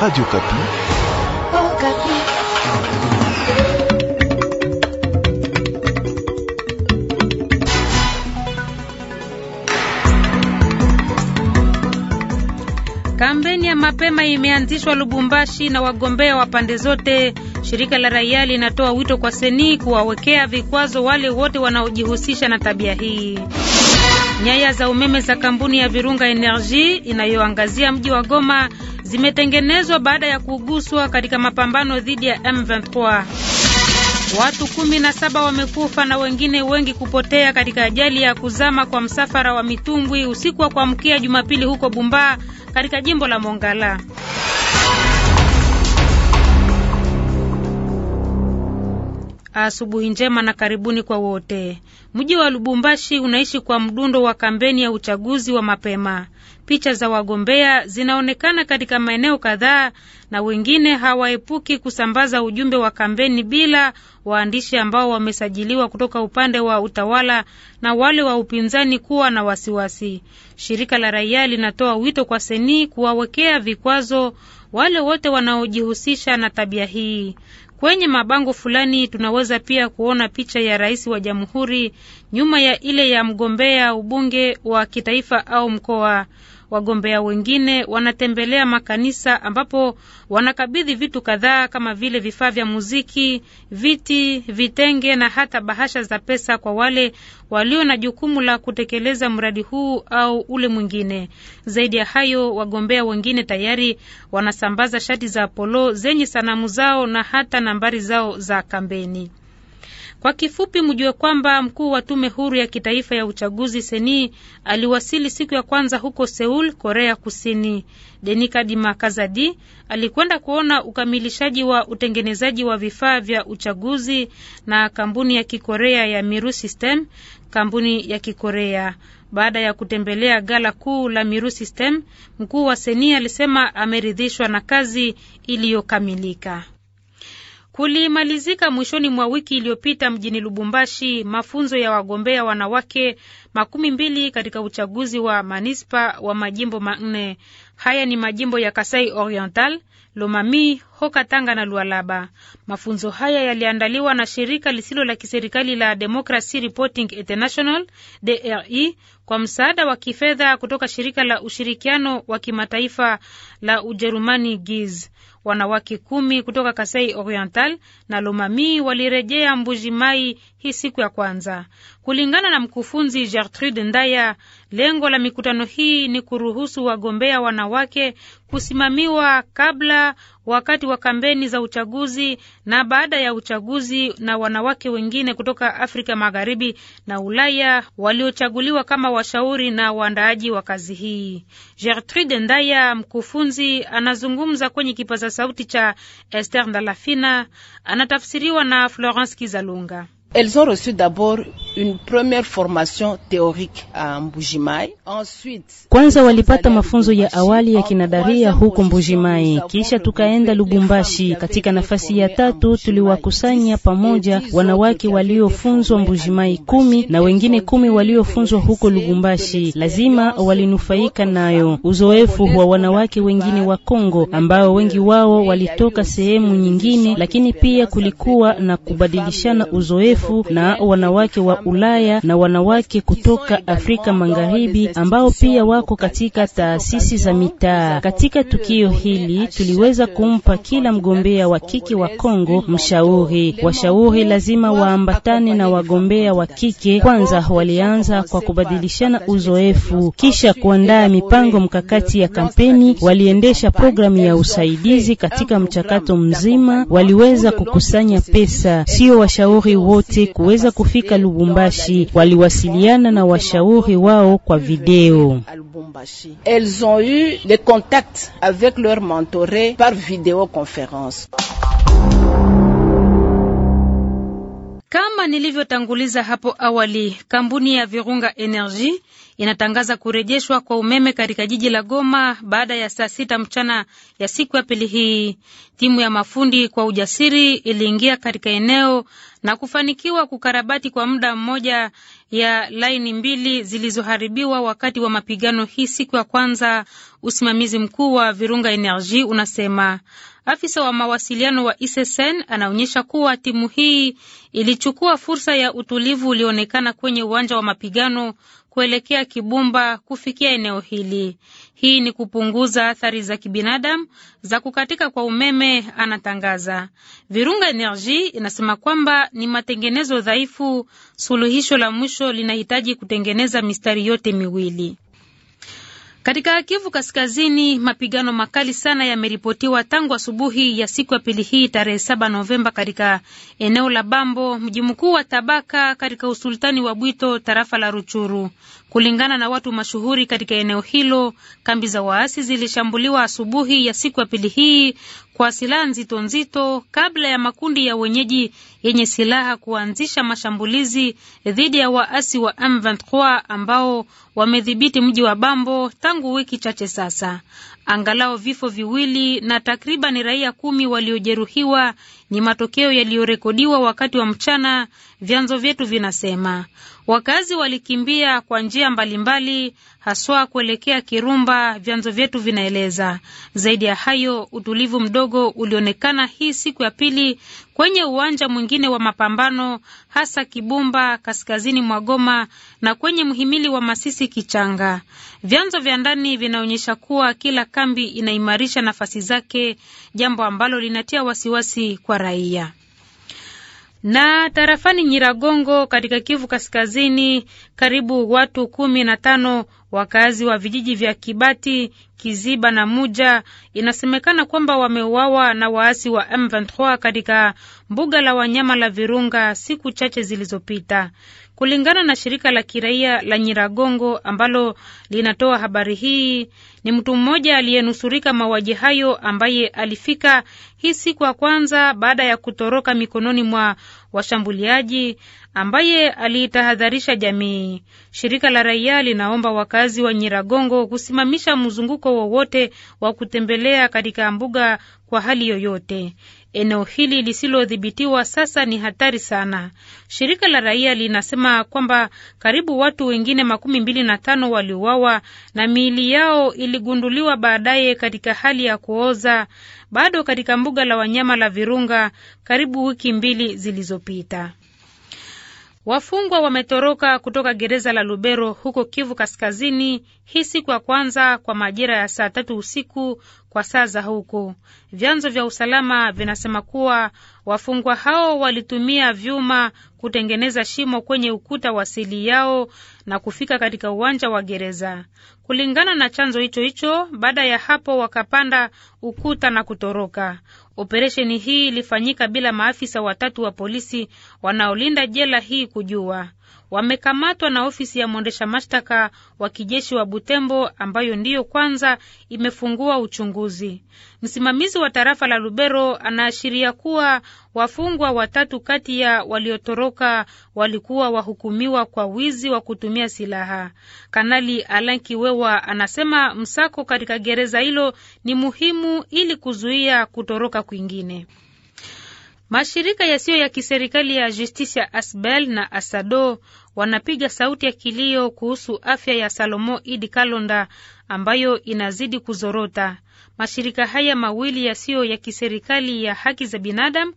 Radio Kapi. Oh, Kapi. Kampeni ya mapema imeanzishwa Lubumbashi na wagombea wa pande zote. Shirika la raia linatoa wito kwa Seni kuwawekea vikwazo wale wote wanaojihusisha na tabia hii. Nyaya za umeme za kampuni ya Virunga Energy inayoangazia mji wa Goma zimetengenezwa baada ya kuguswa katika mapambano dhidi ya M23. Watu kumi na saba wamekufa na wengine wengi kupotea katika ajali ya kuzama kwa msafara wa mitumbwi usiku wa kuamkia Jumapili huko Bumba katika jimbo la Mongala. Asubuhi njema na karibuni kwa wote. Mji wa Lubumbashi unaishi kwa mdundo wa kampeni ya uchaguzi wa mapema. Picha za wagombea zinaonekana katika maeneo kadhaa, na wengine hawaepuki kusambaza ujumbe wa kampeni bila waandishi ambao wamesajiliwa kutoka upande wa utawala na wale wa upinzani kuwa na wasiwasi. Shirika la raia linatoa wito kwa seni kuwawekea vikwazo wale wote wanaojihusisha na tabia hii. Kwenye mabango fulani tunaweza pia kuona picha ya rais wa jamhuri nyuma ya ile ya mgombea ubunge wa kitaifa au mkoa. Wagombea wengine wanatembelea makanisa ambapo wanakabidhi vitu kadhaa kama vile vifaa vya muziki, viti, vitenge na hata bahasha za pesa kwa wale walio na jukumu la kutekeleza mradi huu au ule mwingine. Zaidi ya hayo, wagombea wengine tayari wanasambaza shati za polo zenye sanamu zao na hata nambari zao za kampeni. Kwa kifupi, mjue kwamba mkuu wa tume huru ya kitaifa ya uchaguzi Seni aliwasili siku ya kwanza huko Seul, Korea Kusini. Denikadima Kazadi alikwenda kuona ukamilishaji wa utengenezaji wa vifaa vya uchaguzi na kampuni ya Kikorea ya Miru System, kampuni ya Kikorea. Baada ya kutembelea gala kuu la Miru System, mkuu wa Seni alisema ameridhishwa na kazi iliyokamilika. Kulimalizika mwishoni mwa wiki iliyopita mjini Lubumbashi mafunzo ya wagombea wanawake makumi mbili katika uchaguzi wa manispa wa majimbo manne. Haya ni majimbo ya Kasai Oriental, Lomami, hokatanga na Lualaba. Mafunzo haya yaliandaliwa na shirika lisilo la kiserikali la Democracy Reporting International DRI e, kwa msaada wa kifedha kutoka shirika la ushirikiano wa kimataifa la Ujerumani GIZ. Wanawake kumi kutoka Kasai Oriental na Lomami walirejea Mbujimai Mai hii siku ya kwanza, kulingana na mkufunzi Gertrude Ndaya. Lengo la mikutano hii ni kuruhusu wagombea wanawake kusimamiwa kabla, wakati wa kampeni za uchaguzi na baada ya uchaguzi na wanawake wengine kutoka Afrika Magharibi na Ulaya waliochaguliwa kama washauri na waandaaji wa kazi hii. Gertrude Ndaya, mkufunzi, anazungumza kwenye kipaza sauti cha Esther Ndalafina, anatafsiriwa na Florence Kizalunga. Elles ont reçu d'abord une première formation théorique à Mbujimai. Ensuite, kwanza walipata mafunzo ya awali ya kinadaria huko Mbujimai, kisha tukaenda Lubumbashi. Katika nafasi ya tatu tuliwakusanya pamoja wanawake waliofunzwa Mbujimai kumi na wengine kumi waliofunzwa huko Lubumbashi. Lazima walinufaika nayo uzoefu wa wanawake wengine wa Kongo ambao wengi wao walitoka sehemu nyingine, lakini pia kulikuwa na kubadilishana uzoefu maarufu na wanawake wa Ulaya na wanawake kutoka Afrika Magharibi ambao pia wako katika taasisi za mitaa. Katika tukio hili tuliweza kumpa kila mgombea wa kike wa Kongo mshauri. Washauri lazima waambatane na wagombea wa kike. Kwanza walianza kwa kubadilishana uzoefu, kisha kuandaa mipango mkakati ya kampeni. Waliendesha programu ya usaidizi katika mchakato mzima, waliweza kukusanya pesa. Sio washauri wote wote kuweza kufika Lubumbashi. Waliwasiliana na washauri wao kwa video. Elles ont eu des contacts avec leur mentoré par videoconference. Kama nilivyotanguliza hapo awali, kampuni ya Virunga Energy inatangaza kurejeshwa kwa umeme katika jiji la Goma baada ya saa sita mchana ya siku ya pili hii. Timu ya mafundi kwa ujasiri iliingia katika eneo na kufanikiwa kukarabati kwa muda mmoja ya laini mbili zilizoharibiwa wakati wa mapigano hii siku ya kwanza. Usimamizi mkuu wa Virunga Energy unasema afisa wa mawasiliano wa ISSN anaonyesha kuwa timu hii ilichukua fursa ya utulivu ulioonekana kwenye uwanja wa mapigano kuelekea Kibumba kufikia eneo hili. Hii ni kupunguza athari za kibinadamu za kukatika kwa umeme, anatangaza. Virunga Energy inasema kwamba ni matengenezo dhaifu, suluhisho la mwisho linahitaji kutengeneza mistari yote miwili. Katika Kivu Kaskazini, mapigano makali sana yameripotiwa tangu asubuhi ya siku ya pili hii tarehe 7 Novemba katika eneo la Bambo, mji mkuu wa tabaka katika usultani wa Bwito, tarafa la Ruchuru. Kulingana na watu mashuhuri katika eneo hilo, kambi za waasi zilishambuliwa asubuhi ya siku ya pili hii kwa silaha nzito nzito kabla ya makundi ya wenyeji yenye silaha kuanzisha mashambulizi dhidi ya waasi wa M23 ambao wamedhibiti mji wa Bambo tangu wiki chache sasa. Angalau vifo viwili na takriban raia kumi waliojeruhiwa ni matokeo yaliyorekodiwa wakati wa mchana, vyanzo vyetu vinasema. Wakazi walikimbia kwa njia mbalimbali, haswa kuelekea Kirumba, vyanzo vyetu vinaeleza. Zaidi ya hayo, utulivu mdogo ulionekana hii siku ya pili kwenye uwanja mwingine wa mapambano hasa Kibumba kaskazini mwa Goma na kwenye mhimili wa Masisi Kichanga. Vyanzo vya ndani vinaonyesha kuwa kila kambi inaimarisha nafasi zake, jambo ambalo linatia wasiwasi kwa raia. Na tarafani Nyiragongo katika Kivu Kaskazini, karibu watu kumi na tano Wakazi wa vijiji vya Kibati, Kiziba na Muja inasemekana kwamba wameuawa na waasi wa M23 katika mbuga la wanyama la Virunga siku chache zilizopita, kulingana na shirika la kiraia la Nyiragongo ambalo linatoa habari hii. Ni mtu mmoja aliyenusurika mauaji hayo ambaye alifika hii siku ya kwanza baada ya kutoroka mikononi mwa washambuliaji ambaye aliitahadharisha jamii. Shirika la raia linaomba wakazi wa Nyiragongo kusimamisha mzunguko wowote wa kutembelea katika mbuga kwa hali yoyote. Eneo hili lisilodhibitiwa sasa ni hatari sana. Shirika la raia linasema kwamba karibu watu wengine makumi mbili na tano waliuawa na miili yao iligunduliwa baadaye katika hali ya kuoza bado katika mbuga la wanyama la Virunga karibu wiki mbili zilizopita. Wafungwa wametoroka kutoka gereza la Lubero huko Kivu Kaskazini hii siku ya kwanza kwa majira ya saa tatu usiku kwa saa za huku. Vyanzo vya usalama vinasema kuwa wafungwa hao walitumia vyuma kutengeneza shimo kwenye ukuta wa seli yao na kufika katika uwanja wa gereza. Kulingana na chanzo hicho hicho, baada ya hapo wakapanda ukuta na kutoroka. Operesheni hii ilifanyika bila maafisa watatu wa polisi wanaolinda jela hii kujua wamekamatwa na ofisi ya mwendesha mashtaka wa kijeshi wa Butembo ambayo ndiyo kwanza imefungua uchunguzi. Msimamizi wa tarafa la Lubero anaashiria kuwa wafungwa watatu kati ya waliotoroka walikuwa wahukumiwa kwa wizi wa kutumia silaha. Kanali Alan Kiwewa anasema msako katika gereza hilo ni muhimu ili kuzuia kutoroka kwingine. Mashirika yasiyo ya kiserikali ya Justicia Asbel na Asado wanapiga sauti ya kilio kuhusu afya ya Salomo Idi Kalonda ambayo inazidi kuzorota. Mashirika haya mawili yasiyo ya kiserikali ya haki za binadamu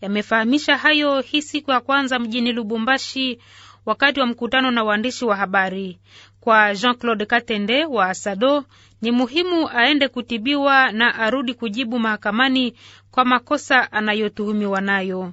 yamefahamisha hayo hii siku ya kwanza mjini Lubumbashi wakati wa mkutano na waandishi wa habari. Kwa Jean-Claude Katende wa asado ni muhimu aende kutibiwa na arudi kujibu mahakamani kwa makosa anayotuhumiwa nayo.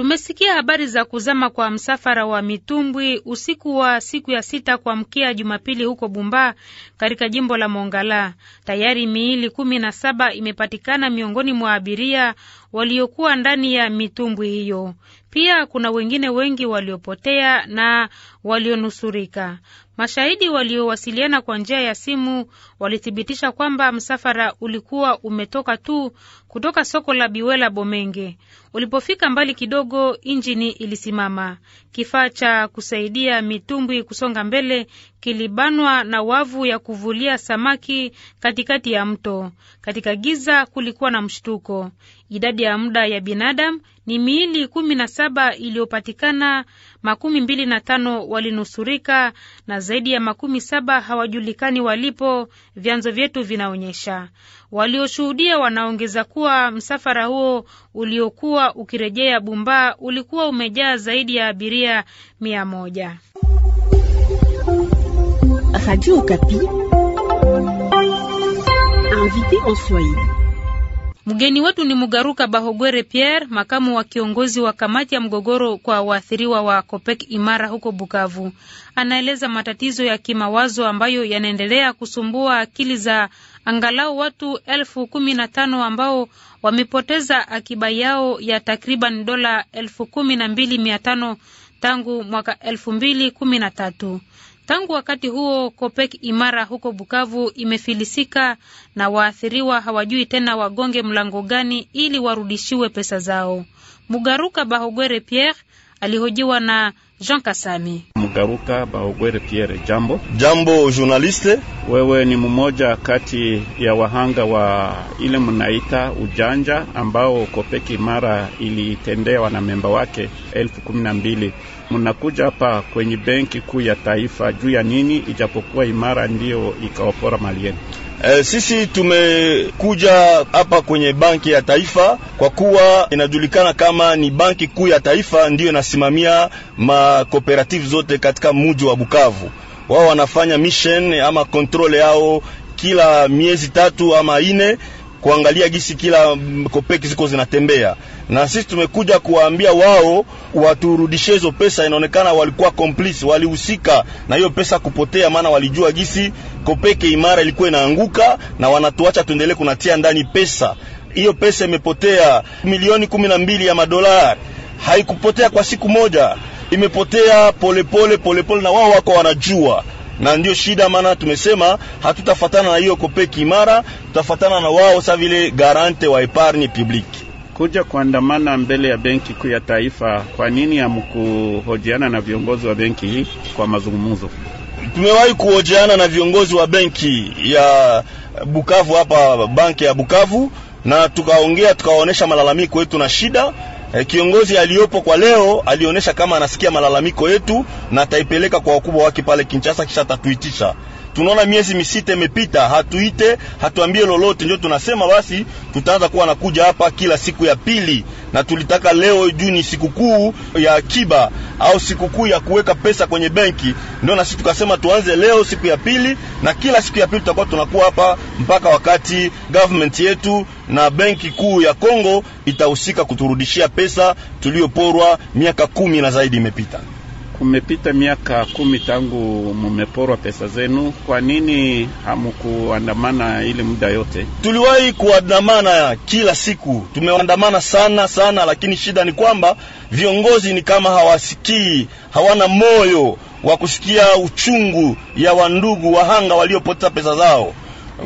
Tumesikia habari za kuzama kwa msafara wa mitumbwi usiku wa siku ya sita kuamkia Jumapili huko Bumba katika jimbo la Mongala. Tayari miili kumi na saba imepatikana miongoni mwa abiria waliokuwa ndani ya mitumbwi hiyo. Pia kuna wengine wengi waliopotea na walionusurika. Mashahidi waliowasiliana kwa njia ya simu walithibitisha kwamba msafara ulikuwa umetoka tu kutoka soko la Biwela Bomenge. Ulipofika mbali kidogo, injini ilisimama. Kifaa cha kusaidia mitumbwi kusonga mbele kilibanwa na wavu ya kuvulia samaki katikati ya mto. Katika giza kulikuwa na mshtuko. Idadi ya muda ya binadamu ni miili kumi na saba iliyopatikana, makumi mbili na tano walinusurika na zaidi ya makumi saba hawajulikani walipo, vyanzo vyetu vinaonyesha. Walioshuhudia wanaongeza kuwa msafara huo uliokuwa ukirejea Bumba ulikuwa umejaa zaidi ya abiria mia moja. Radio Okapi, invité en Swahili. Mgeni wetu ni Mugaruka Bahogwere Pierre, makamu wa kiongozi wa kamati ya mgogoro kwa waathiriwa wa Kopek Imara huko Bukavu. Anaeleza matatizo ya kimawazo ambayo yanaendelea kusumbua akili za angalau watu elfu kumi na tano ambao wamepoteza akiba yao ya takriban dola elfu kumi na mbili mia tano tangu mwaka elfu mbili kumi na tatu. Tangu wakati huo Kopek Imara huko Bukavu imefilisika na waathiriwa hawajui tena wagonge mlango gani ili warudishiwe pesa zao. Mugaruka Bahogwere Pierre alihojiwa na Jean Kasami. Garuka Baogwere Pierre, jambo. Jambo journaliste. Wewe ni mmoja kati ya wahanga wa ile mnaita ujanja ambao Kopeki mara ilitendewa na memba wake elfu kumi na mbili. Mnakuja hapa kwenye benki kuu ya taifa juu ya nini, ijapokuwa imara ndiyo ikaopora mali yenu? E, sisi tumekuja hapa kwenye banki ya taifa kwa kuwa inajulikana kama ni banki kuu ya taifa, ndiyo inasimamia makooperative zote katika muji wa Bukavu. Wao wanafanya mission ama kontrole yao kila miezi tatu ama ine kuangalia gisi kila kopeki ziko zinatembea, na sisi tumekuja kuwaambia wao waturudishe hizo pesa. Inaonekana walikuwa complice, walihusika na hiyo pesa kupotea, maana walijua gisi kopeke imara ilikuwa inaanguka, na wanatuacha tuendelee kunatia ndani pesa. Hiyo pesa imepotea milioni kumi na mbili ya madolari, haikupotea kwa siku moja, imepotea polepole polepole, na wao wako wanajua na ndio shida, maana tumesema hatutafatana na hiyo kopeki imara, tutafatana na wao sa vile garante wa epargne publique. Kuja kuandamana mbele ya benki kuu ya taifa, kwa nini hamkuhojiana na viongozi wa benki hii kwa mazungumzo? Tumewahi kuojeana na viongozi wa benki ya Bukavu hapa, banki ya Bukavu, na tukaongea tukaonesha malalamiko yetu na shida eh, Kiongozi aliyopo kwa leo alionyesha kama anasikia malalamiko yetu na ataipeleka kwa wakubwa wake pale Kinshasa, kisha atatuitisha tunaona miezi misita imepita, hatuite hatuambie lolote, ndio tunasema basi tutaanza kuwa nakuja hapa kila siku ya pili, na tulitaka leo juu ni sikukuu ya akiba au sikukuu ya kuweka pesa kwenye benki, ndio na sisi tukasema tuanze leo siku ya pili, na kila siku ya pili tutakuwa tunakuwa hapa mpaka wakati government yetu na benki kuu ya Kongo itahusika kuturudishia pesa tuliyoporwa miaka kumi na zaidi imepita kumepita miaka kumi tangu mumeporwa pesa zenu, kwa nini hamukuandamana ili muda yote? Tuliwahi kuandamana kila siku, tumeandamana sana sana, lakini shida ni kwamba viongozi ni kama hawasikii, hawana moyo wa kusikia uchungu ya wandugu wahanga waliopoteza pesa zao.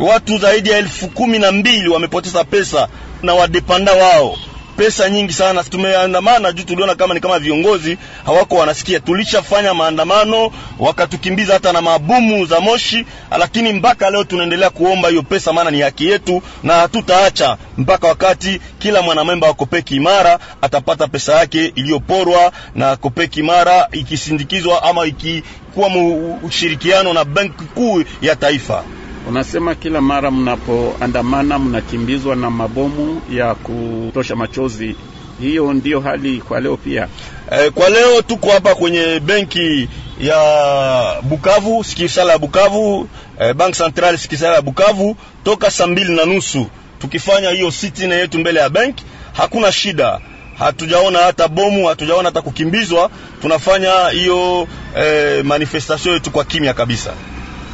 Watu zaidi ya elfu kumi na mbili wamepoteza pesa na wadepanda wao pesa nyingi sana. Tumeandamana juu tuliona kama ni kama viongozi hawako wanasikia. Tulishafanya maandamano wakatukimbiza hata na mabumu za moshi, lakini mpaka leo tunaendelea kuomba hiyo pesa, maana ni haki yetu na hatutaacha mpaka wakati kila mwanamemba wa Kopeki Imara atapata pesa yake iliyoporwa na Kopeki Imara, ikisindikizwa ama ikikuwa ushirikiano na benki kuu ya taifa. Unasema kila mara mnapoandamana mnakimbizwa na mabomu ya kutosha machozi. Hiyo ndiyo hali kwa leo pia. E, kwa leo tuko hapa kwenye benki ya Bukavu, sikisala ya Bukavu, e, Bank Central sikisala ya Bukavu toka saa mbili na nusu tukifanya hiyo sitini yetu mbele ya benki. Hakuna shida, hatujaona hata bomu, hatujaona hata kukimbizwa. Tunafanya hiyo e, manifestation yetu kwa kimya kabisa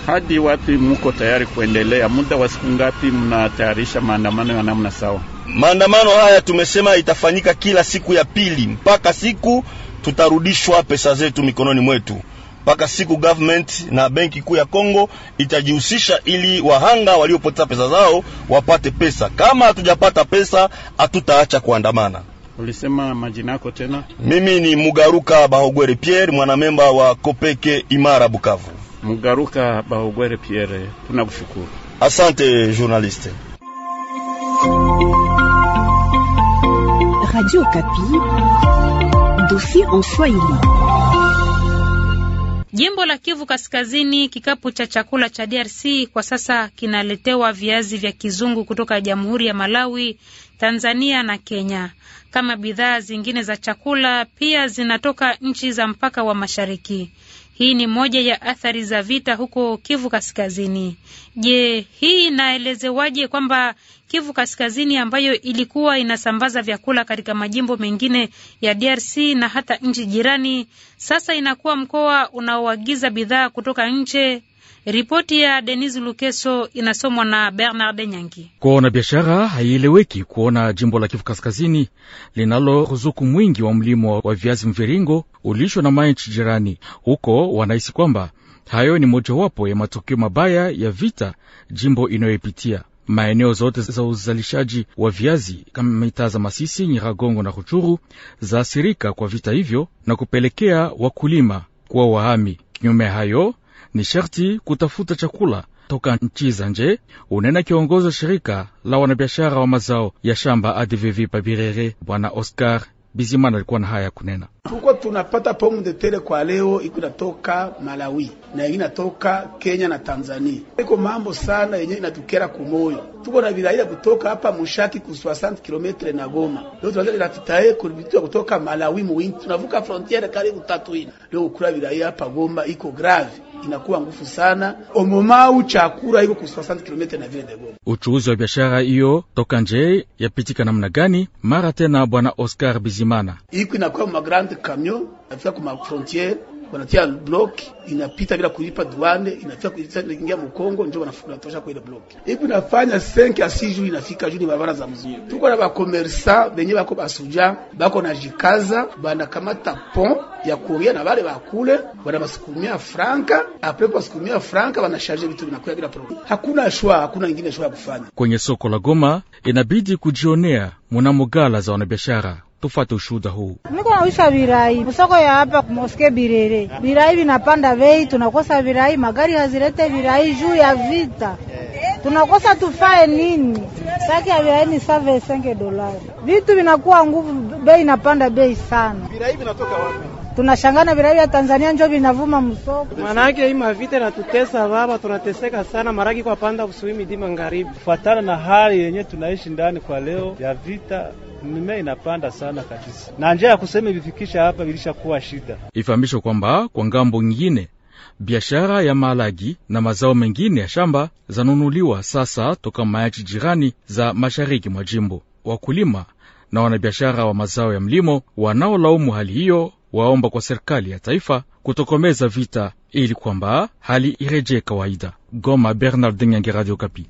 hadi wapi muko tayari kuendelea? Muda wa siku ngapi mnatayarisha maandamano ya namna sawa? Maandamano haya tumesema itafanyika kila siku ya pili mpaka siku tutarudishwa pesa zetu mikononi mwetu, mpaka siku government na benki kuu ya Kongo itajihusisha ili wahanga waliopoteza pesa zao wapate pesa. Kama hatujapata pesa, hatutaacha kuandamana. Ulisema majina yako tena? Mimi ni Mugaruka Bahogwere Pierre, mwanamemba wa Kopeke Imara Bukavu. Mugaruka Bahogwere Pierre, tunakushukuru. Asante journaliste. Radio Kapi, dofi en Swahili. Jimbo la Kivu Kaskazini, kikapu cha chakula cha DRC kwa sasa kinaletewa viazi vya kizungu kutoka Jamhuri ya Malawi, Tanzania na Kenya. Kama bidhaa zingine za chakula, pia zinatoka nchi za mpaka wa mashariki. Hii ni moja ya athari za vita huko Kivu Kaskazini. Je, hii inaelezewaje kwamba Kivu Kaskazini ambayo ilikuwa inasambaza vyakula katika majimbo mengine ya DRC na hata nchi jirani, sasa inakuwa mkoa unaoagiza bidhaa kutoka nje Ripoti ya Denis Lukeso inasomwa na Bernard Nyangi. Kwa wanabiashara, haieleweki kuona jimbo la Kivu Kaskazini linalo ruzuku mwingi wa mlimo wa viazi mviringo ulishwa na manchi jirani. Huko wanahisi kwamba hayo ni mojawapo ya matokeo mabaya ya vita jimbo inayoipitia maeneo zote za uzalishaji wa viazi kama mitaa za Masisi, Nyiragongo na Ruchuru zaasirika kwa vita hivyo na kupelekea wakulima kuwa wahami. Kinyume hayo ni sharti kutafuta chakula toka nchi za nje, unena kiongozi wa shirika la wanabiashara wa mazao ya shamba ADVV Pabirere, Bwana Oscar Bizimana alikuwa na haya ya kunena. Tuko tunapata pomu de tere kwa leo iko inatoka Malawi na ingine inatoka Kenya na Tanzania. Iko mambo sana yenye inatukera kumoyo. Tuko na viraila kutoka hapa Mushaki ku 60 km na Goma. Leo tunaanza na titaye kulibitua kutoka Malawi mwingi tunavuka frontiere karibu tatu ina. Leo kula viraila hapa Goma iko grave inakuwa ngufu sana omomaau chakura iko ku 60 km na vile de Goma. Uchuuzi wa biashara hiyo toka nje yapitika namna gani? Mara tena bwana Oscar Bizimana iko inakuwa ma grande camion afika ku ma frontiere wanatia block inapita bila kulipa duane, inatia kuingia kuingia Mkongo, ndio wanafukuza tosha kwa ile block ipo nafanya 5 a 6 juu inafika juu ni barabara za mzuri. Tuko na bakomersa benye bako basuja bako na jikaza bana kamata pont ya kuria na wale bakule bana basukumia franka apre basukumia franka bana charge vitu vinakuya bila problem. Hakuna shwa, hakuna ingine shwa ya kufanya kwenye soko la Goma, inabidi kujionea mnamo gala za wanabiashara Tufate ushuda huu. Niko nawisha virai musoko ya hapa kumoske Birere, virai vinapanda bei, tunakosa virai, magari hazilete virai juu ya vita, tunakosa tufae nini? Saki ya virai ni save senge dolari, vitu vinakuwa nguvu, bei inapanda bei sana. Virai vinatoka wapi? tunashangana virahi vya Tanzania njo vinavuma msoko, yake hii mavita natutesa baba, tunateseka sana maraki kwa panda kusuhi midi magharibi, kufatana na hali yenye tunaishi ndani kwa leo ya vita mimea inapanda sana kabisa, na njia ya kusema vifikisha hapa vilishakuwa shida. Ifahamishwe kwamba kwa ngambo nyingine biashara ya malagi na mazao mengine ya shamba zanunuliwa sasa toka mayachi jirani za mashariki mwa jimbo. Wakulima na wanabiashara wa mazao ya mlimo wanaolaumu hali hiyo waomba kwa serikali ya taifa kutokomeza vita ili kwamba hali irejee kawaida. Goma, Bernard Nyange, Radio Kapi.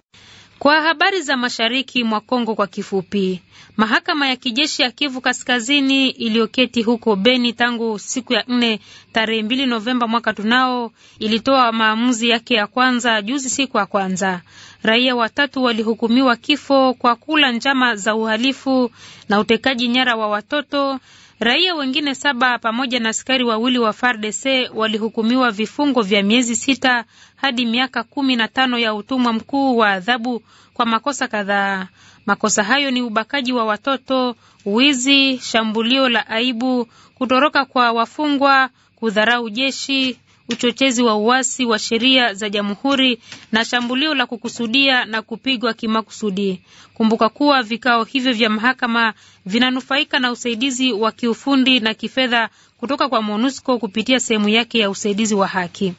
Kwa habari za mashariki mwa Kongo kwa kifupi, mahakama ya kijeshi ya Kivu Kaskazini iliyoketi huko Beni tangu siku ya nne tarehe mbili Novemba mwaka tunao ilitoa maamuzi yake ya kwanza juzi, siku ya kwanza. Raia watatu walihukumiwa kifo kwa kula njama za uhalifu na utekaji nyara wa watoto Raia wengine saba pamoja na askari wawili wa FARDC walihukumiwa vifungo vya miezi sita hadi miaka kumi na tano ya utumwa mkuu wa adhabu kwa makosa kadhaa. Makosa hayo ni ubakaji wa watoto, wizi, shambulio la aibu, kutoroka kwa wafungwa, kudharau jeshi, uchochezi wa uasi wa sheria za jamhuri na shambulio la kukusudia na kupigwa kimakusudi. Kumbuka kuwa vikao hivyo vya mahakama vinanufaika na usaidizi wa kiufundi na kifedha kutoka kwa MONUSCO kupitia sehemu yake ya usaidizi wa haki.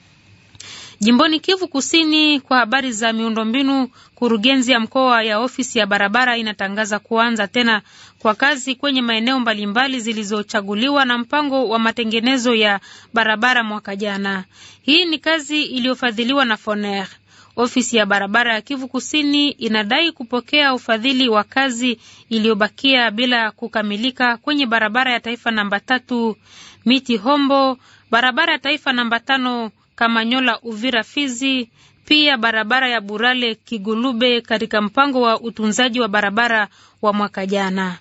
Jimboni Kivu Kusini, kwa habari za miundombinu, kurugenzi ya mkoa ya ofisi ya barabara inatangaza kuanza tena kwa kazi kwenye maeneo mbalimbali zilizochaguliwa na mpango wa matengenezo ya barabara mwaka jana. Hii ni kazi iliyofadhiliwa na Foner. Ofisi ya barabara ya Kivu Kusini inadai kupokea ufadhili wa kazi iliyobakia bila kukamilika kwenye barabara ya taifa namba tatu Miti Hombo, barabara ya taifa namba tano Kamanyola, Uvira, Fizi, pia barabara ya Burale Kigulube katika mpango wa utunzaji wa barabara wa mwaka jana.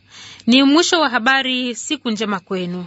Ni mwisho wa habari. Siku njema kwenu.